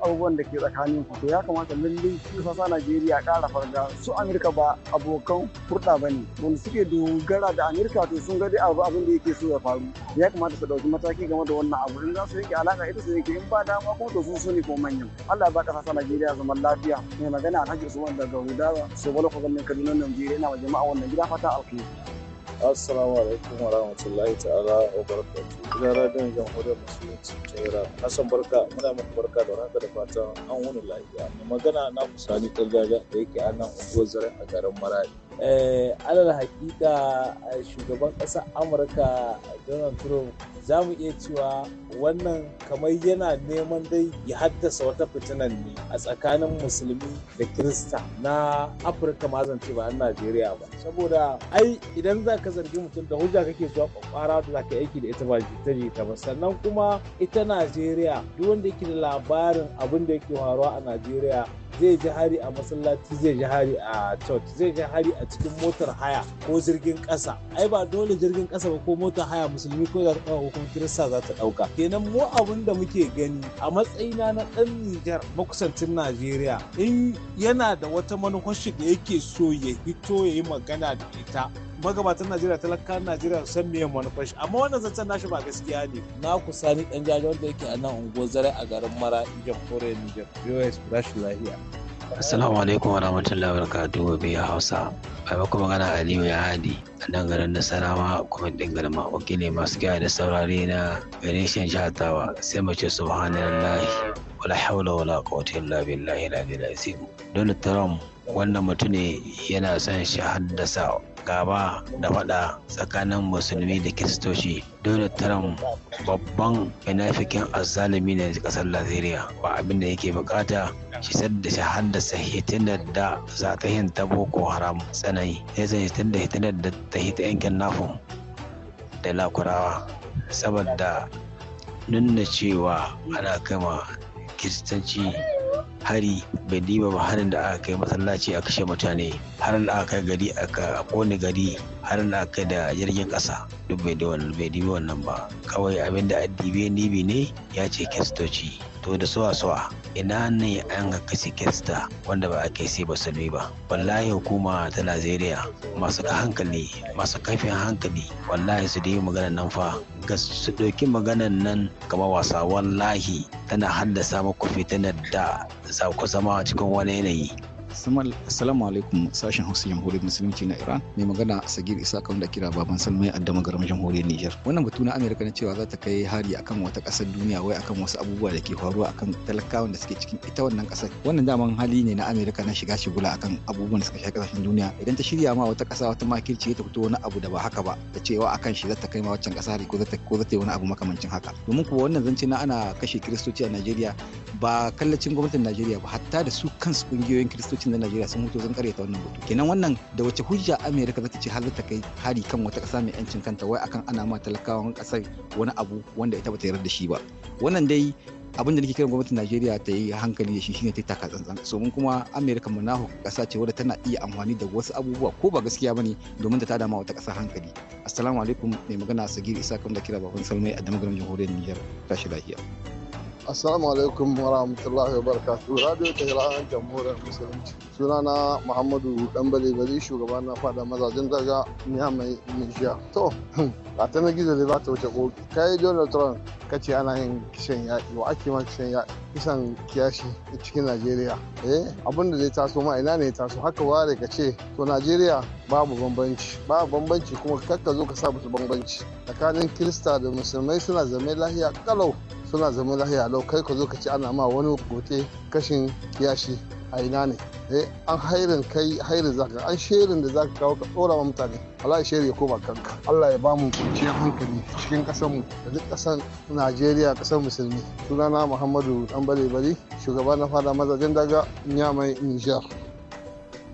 abubuwan da ke tsakanin ku to ya kamata lallai su sasa najeriya ƙara farga su amurka ba abokan furɗa ba ne suke dogara da amurka to sun ga dai abu abin da yake so ya faru ya kamata su ɗauki mataki game da wannan abu in za su yanke alaƙa ita su yanke in ba dama ko to su su ne ko manyan Allah ya ba fasa Najeriya zaman lafiya mai magana alhaji Usman daga Hudawa Sobolo ko gwamnatin Kaduna Najeriya ina wa jama'a wannan gida fata alkhairi Assalamu alaikum wa rahmatullahi ta'ala wa barakatuh. Gidan radiyon jamhuriyar musulunci ta Iran. Hassan barka muna muku barka da haka da fatan an wuni lafiya. Mai magana na musani Kalgaga da yake an nan unguwar zaren a garin Marari. Eh, alal hakika eh, shugaban ƙasar amurka donald trump za mu iya cewa wannan kamar yana neman dai ya haddasa wata fitinan ne a tsakanin musulmi da kirista na afirka mazance ba najeriya ba saboda ai idan za ka zargi mutum da hujja kake zuwa kwakwara da za ka aiki da ita ba jita jita ba sannan kuma ita najeriya duk wanda yake da labarin abin da yake faruwa a najeriya zai ji hari a masallaci zai ji hari a church zai ji hari a cikin motar haya ko jirgin kasa ai ba dole jirgin ƙasa ba ko motar haya musulmi ko za ta dauka ko kuma kirista za ta ɗauka kenan mu abin da muke gani a matsayina na ɗan Nijar makusancin Najeriya in yana da wata manufashi da yake so ya fito ya yi magana da ita magabatan najeriya talakan najeriya san me manufashi shi amma wannan zancen nashi ba gaskiya ne na ku Sani dan jaje wanda yake a nan unguwar zare a garin mara jamhuriyar niger us rashin lahiya Assalamu alaikum wa rahmatullahi wa barakatuhu biya Hausa. Bai maka magana Aliyu ya hadi a nan garin Nasarawa kuma din garin Maoki ne masu gaya da saurare na Venetian Shatawa sai mace subhanallahi wala haula wala quwwata illa billahi la ilaha illa Dole Trump wannan mutum yana son shi haddasa gaba da faɗa tsakanin musulmi da kiristoci donald trump babban finafikin azzalumi ne kasar najeriya ba abin da yake bukata shi da shi haddasa hitinar da za ta hinta boko haram tsanani sai zai hitar da hitinar da ta hita yankin nafu da lakurawa saboda nuna cewa ana kama kiristanci hari bai diba ba harin da aka kai masallaci a kashe mutane harin da aka kai gari aka kone gari harin da aka kai da jirgin kasa duk bai diba wannan ba kawai abin da addibe nibi ne ya ce kiristoci to da suwa suwa ina ne an ga kashe kesta wanda ba a kai sai ba sani ba wallahi hukuma ta najeriya masu ka hankali masu kaifin hankali wallahi su da yi maganan nan fa ga su ɗauki maganan nan kama wasa wallahi tana haddasa muku fitinar da za ku zama cikin wani yanayi Assalamu alaikum sashen Hausa Jamhuriyar Musulunci na Iran mai magana Sagir Isa kan da kira baban san mai addama garin Jamhuriyar Niger. Wannan batu na Amerika na cewa za ta kai hari akan wata kasar duniya wai akan wasu abubuwa da ke faruwa akan talakawan da suke cikin ita wannan ƙasar. Wannan daman hali ne na Amerika na shiga shigula akan abubuwan da suka shafi kasashen duniya. Idan ta shirya ma wata kasa wata makirci ta fito wani abu da ba haka ba ta cewa akan shi za ta kai ma waccan kasa hari ko za ta ko za ta yi wani abu makamancin haka. Domin kuwa wannan zance na ana kashe kiristoci a Najeriya ba kallacin gwamnatin Najeriya ba hatta da su kansu kungiyoyin kiristoci constitution na Najeriya sun mutu sun karyata wannan batu kenan wannan da wace hujja Amerika za ta ce har za ta kai hari kan wata ƙasa mai yancin kanta wai akan ana ma talakawan ƙasar wani abu wanda ita bata yarda da shi ba wannan dai abin da nake kiran gwamnatin Najeriya ta yi hankali da shi shine ta taka tsantsan so mun kuma Amerika munahu kasa ce wadda tana iya amfani da wasu abubuwa ko ba gaskiya bane domin ta tada ma wata kasa hankali assalamu alaikum mai magana Sagir Isa kan da kira baban Salmai a damagaram jamhuriyar Niger tashi lafiya Assalamu alaikum wa rahmatullahi wa barakatuh. Radio Tehran Jamhuriyar Musulunci. Sunana Muhammadu Dambale Bari shugaba na fada mazajen daga Niamey Nijiya. To, a ta na gizo ba ta wuce Ka yi Donald Trump ka ce ana yin kishen yaƙi wa ake ma kishen yaƙi kisan kiyashi cikin Najeriya. Eh, abin da zai taso ma ina ne taso haka ware ka ce to Najeriya babu bambanci babu bambanci kuma kakka zo ka sa musu bambanci tsakanin Kirista da Musulmai suna zama lahiya kalau suna zama lahiya lau kai ka zo ka ci ana ma wani gote kashin yashi a ina ne eh, an hairin kai hairin zaka an sherin da zaka kawo ka dora wa mutane Allah ya shiri ya koma kanka Allah ya bamu kwanciyar hankali cikin kasar mu da duk kasar Najeriya kasar musulmi sunana Muhammadu Dan Bari Bari shugaba na fada mazajen daga Nyamai Nijar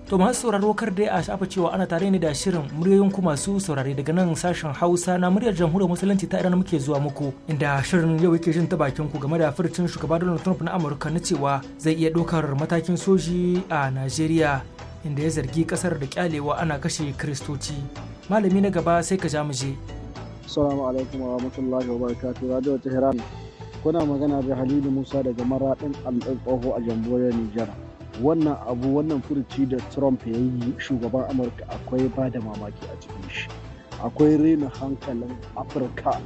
To masu sauraro kar dai a shafa cewa ana tare ne da shirin muryoyin ku masu saurare daga nan sashen Hausa na muryar Jamhuriyar Musulunci ta Iran muke zuwa muku inda shirin yau yake jin ta bakin ku game da furcin shugaba Donald Trump na Amurka na cewa zai iya ɗaukar matakin soji a Najeriya inda ya zargi kasar da kyalewa ana kashe Kiristoci. Malami na gaba sai ka ja mu Assalamu alaikum wa rahmatullahi wa barakatuh. Radio Tehran. Kuna magana da Halilu Musa daga Maraɗin Al'ummar a jamhuriyar Nijar. wannan abu wannan furuci da trump ya yi shugaban amurka akwai ba da mamaki a cikin shi akwai rena hankalin afirka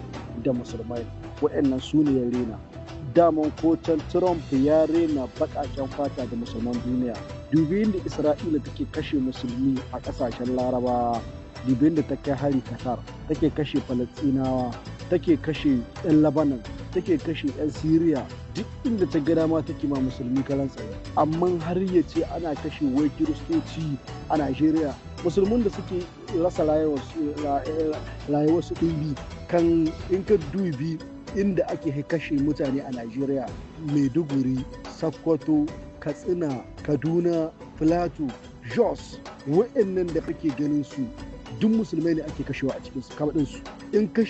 da musulmai waɗannan su ne ya rena daman kotan trump ya rena baƙaƙen fata da musulman duniya dubin da isra'ila take kashe musulmi a ƙasashen laraba dubin da ta kai hari qatar take kashe falastinawa take kashe 'yan labanan take kashe 'yan siriya. duk inda ta gada ma take ma musulmi karan tsaye amma har ya ce ana kashe wai kiristoci a nigeria musulmin da suke rasa rayuwarsu ɗumbi kan in ka dubi inda ake kashe mutane a najeriya maiduguri sakkwato katsina kaduna plateau jos wa'annan da kake ganin su duk musulmai ne ake kashewa a cikinsu kama in ka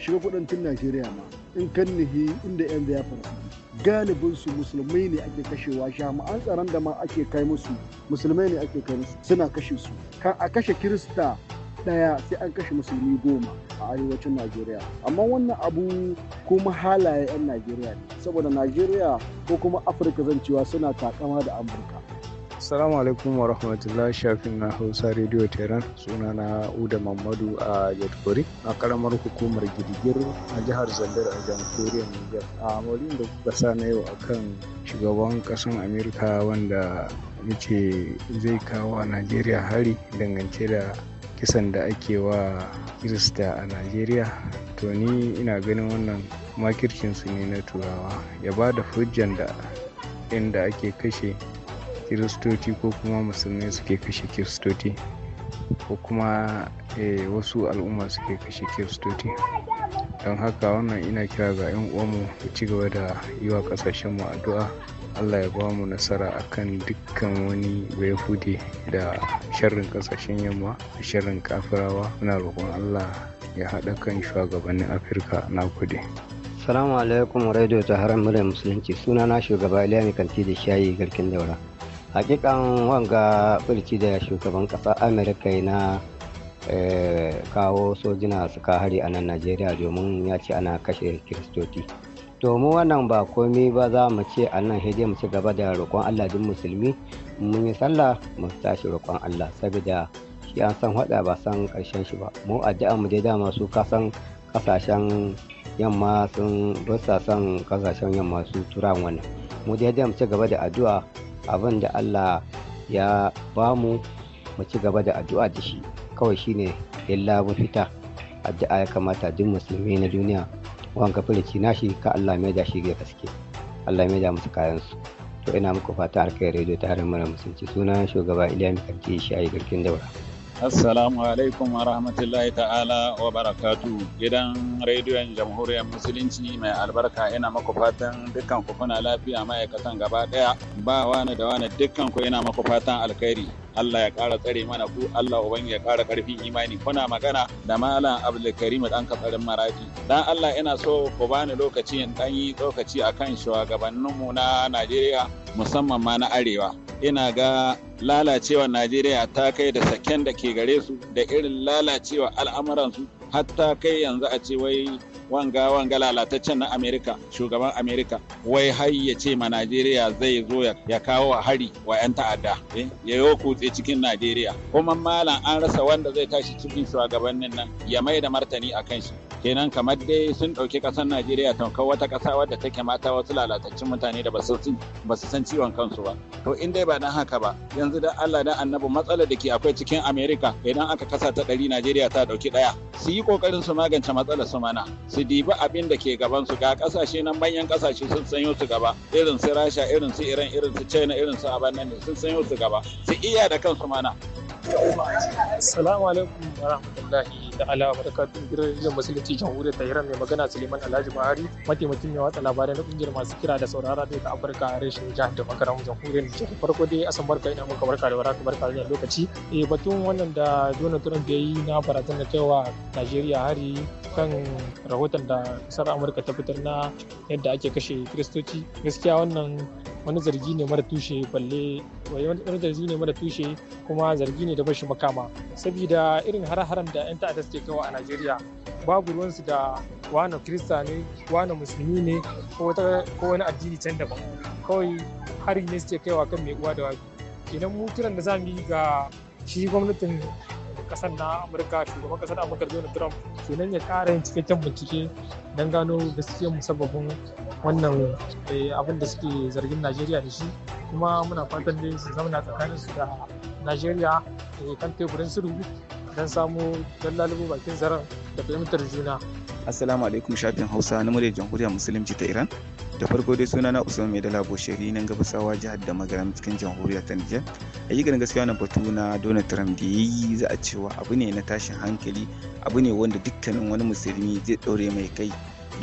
shiga kudancin najeriya ma in kan nihi inda yan biafra suke galibin su musulmai ne ake kashewa jami'an tsaron da ma ake kai musu musulmai ne ake kai musu suna kashe su kan a kashe kirista daya sai an kashe musulmi goma a arewacin najeriya amma wannan abu kuma halaye 'yan najeriya ne saboda najeriya ko kuma afirka zancewa suna takama da amurka Assalamu alaikum wa rahmatullahi shafin na Hausa Radio Tehran suna na Uda Mamadu a Yadkori a karamar hukumar Girgir a jihar Zandar a Jamhuriya Niger. A maulin da kuka sa na yau akan shugaban kasan Amerika wanda yace zai kawo a Najeriya hari dangance da kisan da ake wa Kirista a Najeriya. To ni ina ganin wannan makircinsu ne na turawa ya ba da hujjan da inda ake kashe kiristoci ko kuma musulmai suke kashe kiristoci ko kuma eh, wasu al'umma suke kashe kiristoci don haka wannan ina kira ga 'yan uwanmu da ci gaba da yi wa kasashenmu addu'a allah ya ba mu nasara akan dukkan wani bai da sharrin kasashen yamma da sharrin kafirawa muna roƙon allah ya haɗa kan shugabannin afirka na kudi salamu alaikum radio ta haram musulunci suna na shugaba iliya kanti da shayi garkin daura hakikan wanga birki da shugaban ƙasa amurka na eh, kawo sojina suka hari a nan najeriya domin ya ce ana kashe kiristoci to mu wannan ba komi ba za mu ce a nan hede mu ci gaba da roƙon allah din musulmi mun yi sallah mu tashi roƙon allah saboda shi an san hada ba san ƙarshen shi ba mu addu'a mu dai dama su kasan kasashen yamma sun bursa kasashen yamma su turan wannan mu dai mu ci gaba da addu'a abin da Allah ya bamu mu ci gaba da addu'a da shi kawai shine illa mafita addu'a ya kamata duk musulmi na duniya wanka na shi, ka Allah mai da shi ga gaske Allah mai da musu kayan to ina muku fata alkai rediyo ta harin mara musulci sunan shugaba Iliya Mikanti yi Garkin Daura Assalamu alaikum wa rahmatullahi ta'ala wa barakatu gidan rediyon jamhuriyar musulunci mai albarka ina maku fatan dukkan ku kuna lafiya ma'aikatan gaba daya ba wani da wani dukkan ku ina maku fatan alkhairi Allah ya ƙara tsare mana ku Allah uban ya ƙara ƙarfin imani kuna magana da malam Abdulkarim dan Katsarin marafi dan Allah ina so ku bani lokaci in dan yi lokaci akan shugabanninmu na Najeriya musamman ma na Arewa ina ga lalacewar Najeriya ta kai da saken da ke gare su da irin lalacewa al'amuransu hatta kai yanzu a ce wai wanga wanga lalataccen na amerika shugaban amerika wai har ya ce ma najeriya zai zo ya kawo hari wa 'yan ta'adda eh, ya yi kutse cikin najeriya kuma malam an rasa wanda zai tashi cikin shugabannin nan ya mai da martani a kan shi kenan kamar dai sun ɗauki ƙasar najeriya tamkar wata ƙasa wadda take mata wasu lalatacin mutane da ba su san ciwon kansu ba to in dai ba dan haka ba yanzu da allah da annabu, matsalar da ke akwai cikin america idan aka kasa ta ɗari najeriya ta ɗauki ɗaya su yi ƙoƙarin su magance matsalar su mana su dibi abin da ke gaban su ga ƙasashe nan manyan ƙasashe sun sanyo su gaba irin su rasha irin su iran irin su china irin su abannan sun sanyo su gaba su iya da kansu mana Salamu alaikum wa rahmatullahi da ala barakatun birnin musulunci jamhuriyar Tehran mai magana Suleiman Alhaji Buhari mataimakin mai watsa labarai na kungiyar masu kira da saurara daga Afirka a rashin jihar da makarar jamhuriyar Nijar. Farko dai asan barka ina muka barka da waraka barka da lokaci. Eh batun wannan da Donald Trump ya yi na barazana kaiwa Najeriya hari kan rahoton da kasar amurka ta fitar na yadda ake kashe kiristoci gaskiya wannan wani zargi ne mara tushe balle wani zargi ne mara tushe kuma zargi ne da bashi makama saboda irin har-haren da 'yan ta'adda suke kawo a najeriya babu ruwansu da wani kirista ne wani musulmi ne ko wani addini can daban kawai hari ne suke kaiwa kan mai uwa da wabi kenan mu kiran da za mu yi ga shi gwamnatin kasar na amurka shugaban kasar amurka donald trump kenan ya kara yin cikakken bincike don gano gaskiyar musabbabin wannan eh, abin da suke zargin najeriya da shi kuma muna fatan dai su na tsakanin su da najeriya eh, kan teburin su don samu don lalubu bakin zarar da fahimtar juna. Assalamu alaikum shafin Hausa na muryar Jamhuriyar Musulunci ta Iran. Da farko dai suna na Usman Mai Dala Bosheri nan gabasawa jihar da magaram cikin jamhuriyar ta Nijar. Ayyukan gaskiya na batu na Donald Trump da ya yi za a cewa abu ne na tashin hankali abu ne wanda dukkanin wani musulmi zai ɗaure mai kai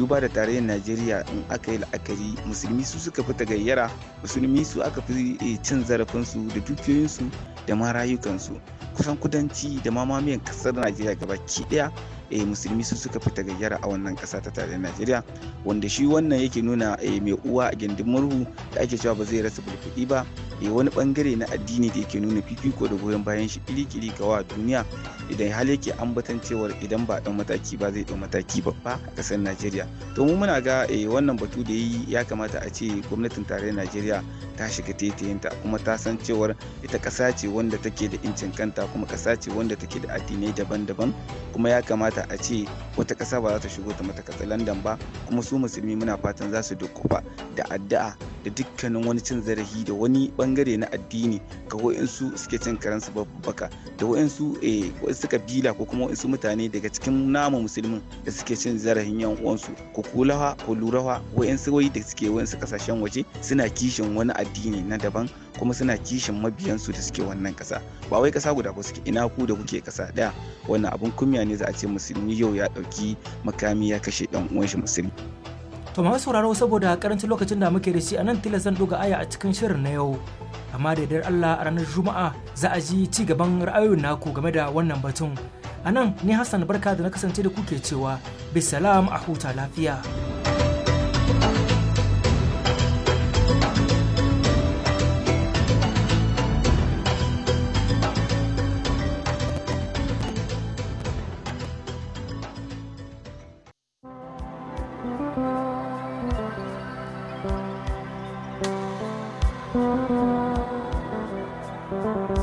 duba da tarayyar najeriya in aka yi la'akari musulmi su suka fi tagayyara musulmi su aka fi eh, cin zarafinsu da dukiyoyinsu da ma rayukansu kusan kudanci da ma mamiyan kasar najeriya gabaki daya Eh, musulmi su suka fita gayyara a wannan ƙasa ta tare najeriya wanda shi wannan yake nuna eh, mai uwa a gindin murhu da ake cewa ba zai rasa kuɗi ba e wani bangare na addini da yake nuna fifiko da goyon bayan shi kiri-kiri ga wa duniya idan hal yake ambatan cewar idan ba ɗan mataki ba zai ɗan mataki babba a ƙasar najeriya to mu muna ga e wannan batu da yi ya kamata a ce gwamnatin tarayyar najeriya ta shiga taitayinta kuma ta san cewar ita ƙasa ce wanda take da incin kanta kuma ƙasa ce wanda take da addinai daban-daban kuma ya kamata a ce wata ƙasa ba za ta shigo ta matakatsa London ba kuma su musulmi muna fatan za su dukkufa da addu'a da dukkanin wani cin zarafi da wani bangare na addini ga wa'insu suke cin karansu babbaka da wa'insu eh, wa'insu kabila ko kuma wa'insu mutane daga cikin namu musulmin da suke cin zarafin yan uwansu ko kulawa ko lurawa wa'insu wai da suke wa'insu kasashen waje suna kishin wani addini na daban kuma suna kishin mabiyansu da suke wannan kasa ba wai ƙasa guda ba suke ina ku da kuke kasa ɗaya wannan abun kunya ne za a ce musu musulmi yau ya ɗauki makami ya kashe ɗan uwan shi musulmi. To ma sauraro saboda karancin lokacin da muke da shi a nan zan doga aya a cikin shirin na yau. Amma da yardar Allah a ranar Juma'a za a ji ci gaban ra'ayoyin naku game da wannan batun. A nan ni Hassan Barka da na kasance da kuke cewa bisalam a huta lafiya. Thank you.